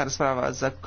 ta razprava zaključena.